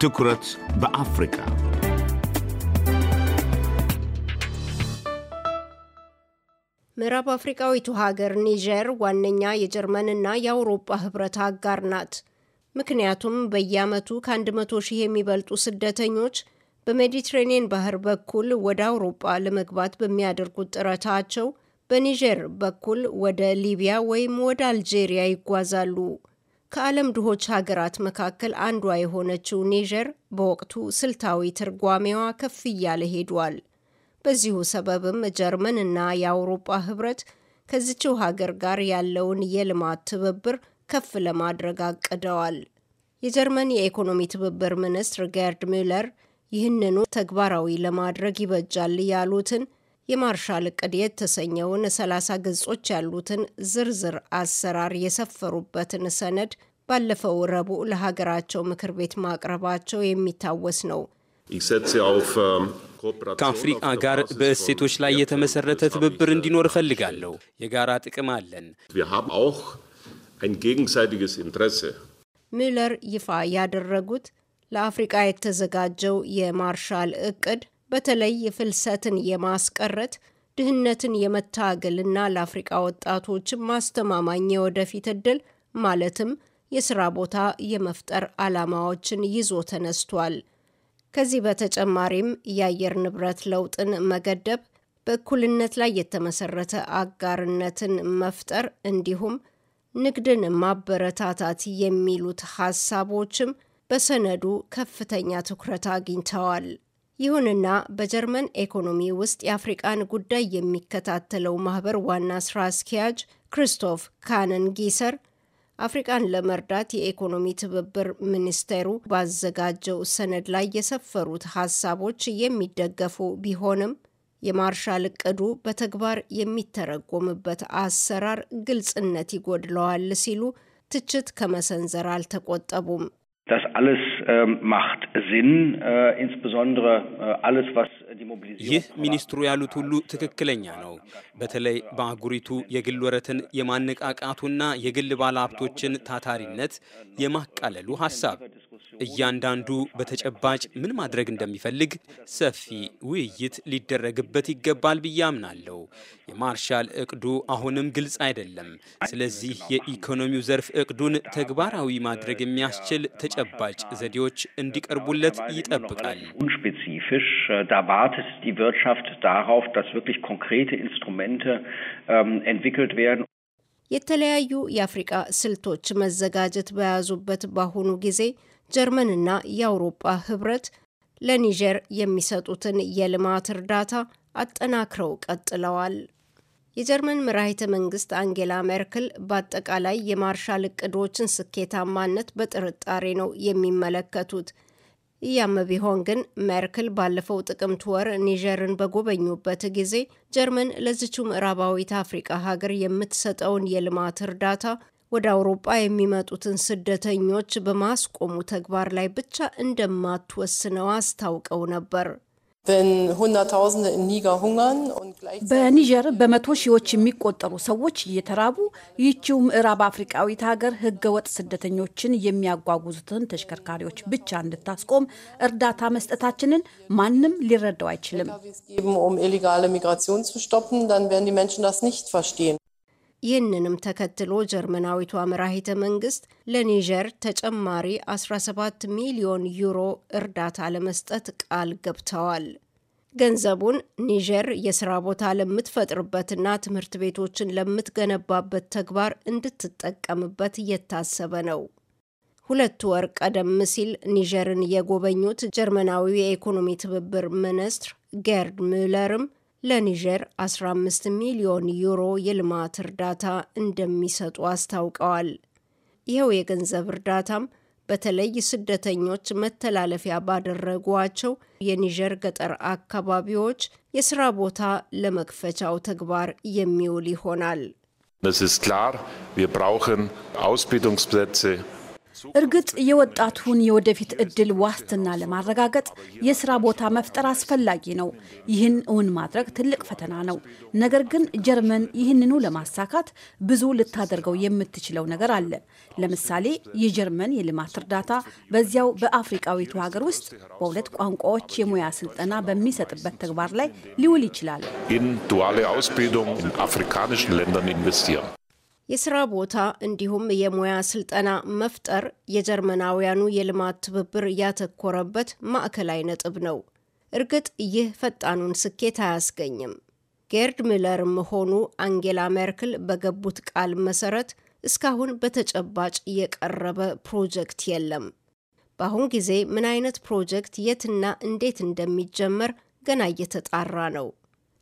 ትኩረት በአፍሪካ ምዕራብ አፍሪቃዊቱ ሀገር ኒጀር ዋነኛ የጀርመንና የአውሮፓ ህብረት አጋር ናት። ምክንያቱም በየዓመቱ ከ100 ሺህ የሚበልጡ ስደተኞች በሜዲትሬኒየን ባህር በኩል ወደ አውሮጳ ለመግባት በሚያደርጉት ጥረታቸው በኒጀር በኩል ወደ ሊቢያ ወይም ወደ አልጄሪያ ይጓዛሉ። ከዓለም ድሆች ሀገራት መካከል አንዷ የሆነችው ኒጀር በወቅቱ ስልታዊ ትርጓሜዋ ከፍ እያለ ሄዷል። በዚሁ ሰበብም ጀርመን እና የአውሮጳ ህብረት ከዚችው ሀገር ጋር ያለውን የልማት ትብብር ከፍ ለማድረግ አቅደዋል። የጀርመን የኢኮኖሚ ትብብር ሚኒስትር ጌርድ ሚለር ይህንኑ ተግባራዊ ለማድረግ ይበጃል ያሉትን የማርሻል እቅድ የተሰኘውን 30 ገጾች ያሉትን ዝርዝር አሰራር የሰፈሩበትን ሰነድ ባለፈው ረቡዕ ለሀገራቸው ምክር ቤት ማቅረባቸው የሚታወስ ነው። ከአፍሪቃ ጋር በእሴቶች ላይ የተመሰረተ ትብብር እንዲኖር እፈልጋለሁ። የጋራ ጥቅም አለን። ሚለር ይፋ ያደረጉት ለአፍሪቃ የተዘጋጀው የማርሻል እቅድ በተለይ ፍልሰትን የማስቀረት ድህነትን የመታገልና ለአፍሪቃ ወጣቶች ማስተማማኝ የወደፊት እድል ማለትም የስራ ቦታ የመፍጠር ዓላማዎችን ይዞ ተነስቷል። ከዚህ በተጨማሪም የአየር ንብረት ለውጥን መገደብ፣ በእኩልነት ላይ የተመሰረተ አጋርነትን መፍጠር እንዲሁም ንግድን ማበረታታት የሚሉት ሀሳቦችም በሰነዱ ከፍተኛ ትኩረት አግኝተዋል። ይሁንና በጀርመን ኢኮኖሚ ውስጥ የአፍሪቃን ጉዳይ የሚከታተለው ማህበር ዋና ስራ አስኪያጅ ክሪስቶፍ ካነን ጊሰር አፍሪቃን ለመርዳት የኢኮኖሚ ትብብር ሚኒስቴሩ ባዘጋጀው ሰነድ ላይ የሰፈሩት ሀሳቦች የሚደገፉ ቢሆንም የማርሻል እቅዱ በተግባር የሚተረጎምበት አሰራር ግልጽነት ይጎድለዋል ሲሉ ትችት ከመሰንዘር አልተቆጠቡም። Das alles ähm, macht Sinn, äh, insbesondere äh, alles, was die Mobilisierung. ይህ ሚኒስትሩ ያሉት ሁሉ ትክክለኛ ነው። በተለይ በአህጉሪቱ የግል ወረትን የማነቃቃቱና የግል ባለሀብቶችን ታታሪነት የማቃለሉ ሀሳብ እያንዳንዱ በተጨባጭ ምን ማድረግ እንደሚፈልግ ሰፊ ውይይት ሊደረግበት ይገባል ብዬ አምናለሁ። የማርሻል እቅዱ አሁንም ግልጽ አይደለም። ስለዚህ የኢኮኖሚው ዘርፍ እቅዱን ተግባራዊ ማድረግ የሚያስችል ተጨባጭ ዘዴዎች እንዲቀርቡለት ይጠብቃል። የተለያዩ የአፍሪቃ ስልቶች መዘጋጀት በያዙበት በአሁኑ ጊዜ ጀርመንና የአውሮፓ ህብረት ለኒጀር የሚሰጡትን የልማት እርዳታ አጠናክረው ቀጥለዋል። የጀርመን መራሂተ መንግስት አንጌላ ሜርክል በአጠቃላይ የማርሻል እቅዶችን ስኬታማነት በጥርጣሬ ነው የሚመለከቱት። እያም ቢሆን ግን ሜርክል ባለፈው ጥቅምት ወር ኒጀርን በጎበኙበት ጊዜ ጀርመን ለዚቹ ምዕራባዊት አፍሪቃ ሀገር የምትሰጠውን የልማት እርዳታ ወደ አውሮጳ የሚመጡትን ስደተኞች በማስቆሙ ተግባር ላይ ብቻ እንደማትወስነው አስታውቀው ነበር። በኒጀር በመቶ ሺዎች የሚቆጠሩ ሰዎች እየተራቡ ይህችው ምዕራብ አፍሪቃዊት ሀገር ህገወጥ ስደተኞችን የሚያጓጉዙትን ተሽከርካሪዎች ብቻ እንድታስቆም እርዳታ መስጠታችንን ማንም ሊረዳው አይችልም። ይህንንም ተከትሎ ጀርመናዊቷ መራሂተ መንግስት ለኒጀር ተጨማሪ 17 ሚሊዮን ዩሮ እርዳታ ለመስጠት ቃል ገብተዋል። ገንዘቡን ኒጀር የስራ ቦታ ለምትፈጥርበትና ትምህርት ቤቶችን ለምትገነባበት ተግባር እንድትጠቀምበት እየታሰበ ነው። ሁለቱ ወር ቀደም ሲል ኒጀርን የጎበኙት ጀርመናዊው የኢኮኖሚ ትብብር ሚኒስትር ጌርድ ሚለርም ለኒጀር 15 ሚሊዮን ዩሮ የልማት እርዳታ እንደሚሰጡ አስታውቀዋል። ይኸው የገንዘብ እርዳታም በተለይ ስደተኞች መተላለፊያ ባደረጓቸው የኒጀር ገጠር አካባቢዎች የስራ ቦታ ለመክፈቻው ተግባር የሚውል ይሆናል። Das ist klar, wir brauchen Ausbildungsplätze. እርግጥ የወጣቱን የወደፊት እድል ዋስትና ለማረጋገጥ የስራ ቦታ መፍጠር አስፈላጊ ነው። ይህን እውን ማድረግ ትልቅ ፈተና ነው። ነገር ግን ጀርመን ይህንኑ ለማሳካት ብዙ ልታደርገው የምትችለው ነገር አለ። ለምሳሌ የጀርመን የልማት እርዳታ በዚያው በአፍሪቃዊቱ ሀገር ውስጥ በሁለት ቋንቋዎች የሙያ ስልጠና በሚሰጥበት ተግባር ላይ ሊውል ይችላል። የስራ ቦታ እንዲሁም የሙያ ስልጠና መፍጠር የጀርመናውያኑ የልማት ትብብር ያተኮረበት ማዕከላዊ ነጥብ ነው። እርግጥ ይህ ፈጣኑን ስኬት አያስገኝም። ጌርድ ሚለር ሆኑ አንጌላ ሜርክል በገቡት ቃል መሰረት እስካሁን በተጨባጭ የቀረበ ፕሮጀክት የለም። በአሁን ጊዜ ምን አይነት ፕሮጀክት የትና እንዴት እንደሚጀመር ገና እየተጣራ ነው።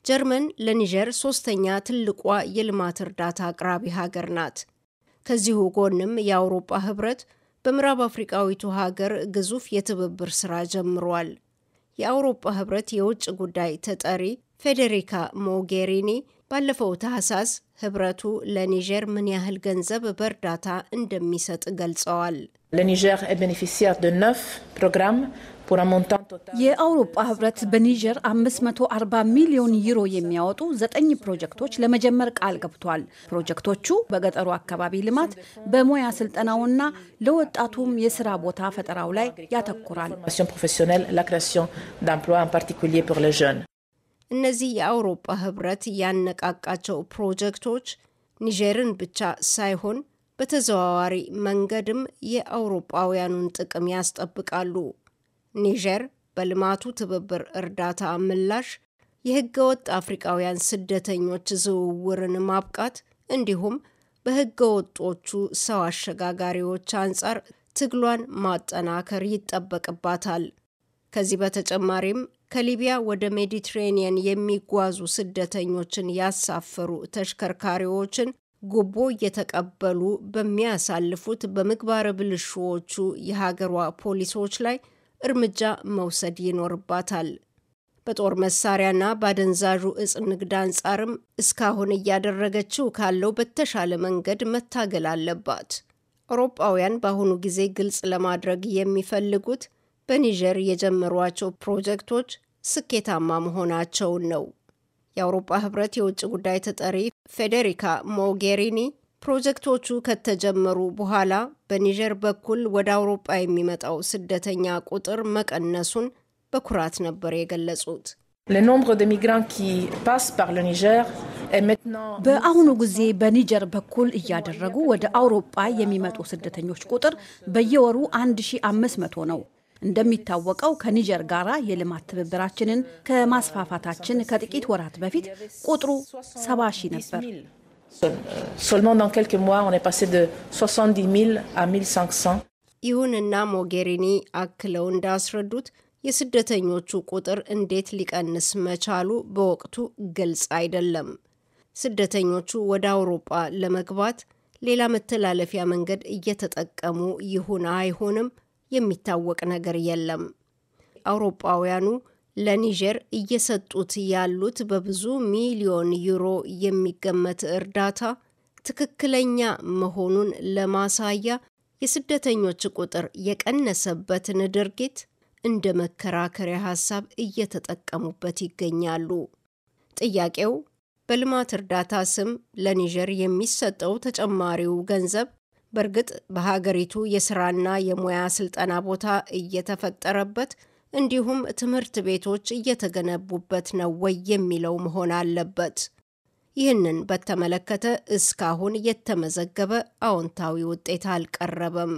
ጀርመን ለኒጀር ሶስተኛ ትልቋ የልማት እርዳታ አቅራቢ ሀገር ናት። ከዚሁ ጎንም የአውሮጳ ህብረት በምዕራብ አፍሪቃዊቱ ሀገር ግዙፍ የትብብር ስራ ጀምሯል። የአውሮፓ ህብረት የውጭ ጉዳይ ተጠሪ ፌዴሪካ ሞጌሪኒ ባለፈው ታህሳስ ህብረቱ ለኒጀር ምን ያህል ገንዘብ በእርዳታ እንደሚሰጥ ገልጸዋል። ለኒጀር ቤኔፊሲያር ደ ነፍ ፕሮግራም የአውሮፓ ህብረት በኒጀር 540 ሚሊዮን ዩሮ የሚያወጡ ዘጠኝ ፕሮጀክቶች ለመጀመር ቃል ገብቷል። ፕሮጀክቶቹ በገጠሩ አካባቢ ልማት፣ በሙያ ስልጠናውና ለወጣቱም የስራ ቦታ ፈጠራው ላይ ያተኩራል። እነዚህ የአውሮፓ ህብረት ያነቃቃቸው ፕሮጀክቶች ኒጀርን ብቻ ሳይሆን በተዘዋዋሪ መንገድም የአውሮፓውያኑን ጥቅም ያስጠብቃሉ። ኒጀር በልማቱ ትብብር እርዳታ ምላሽ የህገ ወጥ አፍሪቃውያን ስደተኞች ዝውውርን ማብቃት እንዲሁም በህገወጦቹ ሰው አሸጋጋሪዎች አንጻር ትግሏን ማጠናከር ይጠበቅባታል። ከዚህ በተጨማሪም ከሊቢያ ወደ ሜዲትሬኒየን የሚጓዙ ስደተኞችን ያሳፈሩ ተሽከርካሪዎችን ጉቦ እየተቀበሉ በሚያሳልፉት በምግባረ ብልሹዎቹ የሀገሯ ፖሊሶች ላይ እርምጃ መውሰድ ይኖርባታል። በጦር መሳሪያና በአደንዛዡ እጽ ንግድ አንጻርም እስካሁን እያደረገችው ካለው በተሻለ መንገድ መታገል አለባት። አውሮጳውያን በአሁኑ ጊዜ ግልጽ ለማድረግ የሚፈልጉት በኒጀር የጀመሯቸው ፕሮጀክቶች ስኬታማ መሆናቸውን ነው። የአውሮፓ ህብረት የውጭ ጉዳይ ተጠሪ ፌዴሪካ ሞጌሪኒ ፕሮጀክቶቹ ከተጀመሩ በኋላ በኒጀር በኩል ወደ አውሮጳ የሚመጣው ስደተኛ ቁጥር መቀነሱን በኩራት ነበር የገለጹት። በአሁኑ ጊዜ በኒጀር በኩል እያደረጉ ወደ አውሮጳ የሚመጡ ስደተኞች ቁጥር በየወሩ 1500 ነው። እንደሚታወቀው ከኒጀር ጋር የልማት ትብብራችንን ከማስፋፋታችን ከጥቂት ወራት በፊት ቁጥሩ 70 ሺህ ነበር። Euh, seulement dans quelques mois, on est passé de 70 000 à 1500. ይሁንና ሞጌሪኒ አክለው እንዳስረዱት የስደተኞቹ ቁጥር እንዴት ሊቀንስ መቻሉ በወቅቱ ግልጽ አይደለም። ስደተኞቹ ወደ አውሮጳ ለመግባት ሌላ መተላለፊያ መንገድ እየተጠቀሙ ይሁን አይሁንም የሚታወቅ ነገር የለም። አውሮጳውያኑ ለኒጀር እየሰጡት ያሉት በብዙ ሚሊዮን ዩሮ የሚገመት እርዳታ ትክክለኛ መሆኑን ለማሳያ የስደተኞች ቁጥር የቀነሰበትን ድርጊት እንደ መከራከሪያ ሀሳብ እየተጠቀሙበት ይገኛሉ። ጥያቄው በልማት እርዳታ ስም ለኒጀር የሚሰጠው ተጨማሪው ገንዘብ በእርግጥ በሀገሪቱ የስራና የሙያ ስልጠና ቦታ እየተፈጠረበት እንዲሁም ትምህርት ቤቶች እየተገነቡበት ነው ወይ የሚለው መሆን አለበት። ይህንን በተመለከተ እስካሁን የተመዘገበ አዎንታዊ ውጤት አልቀረበም።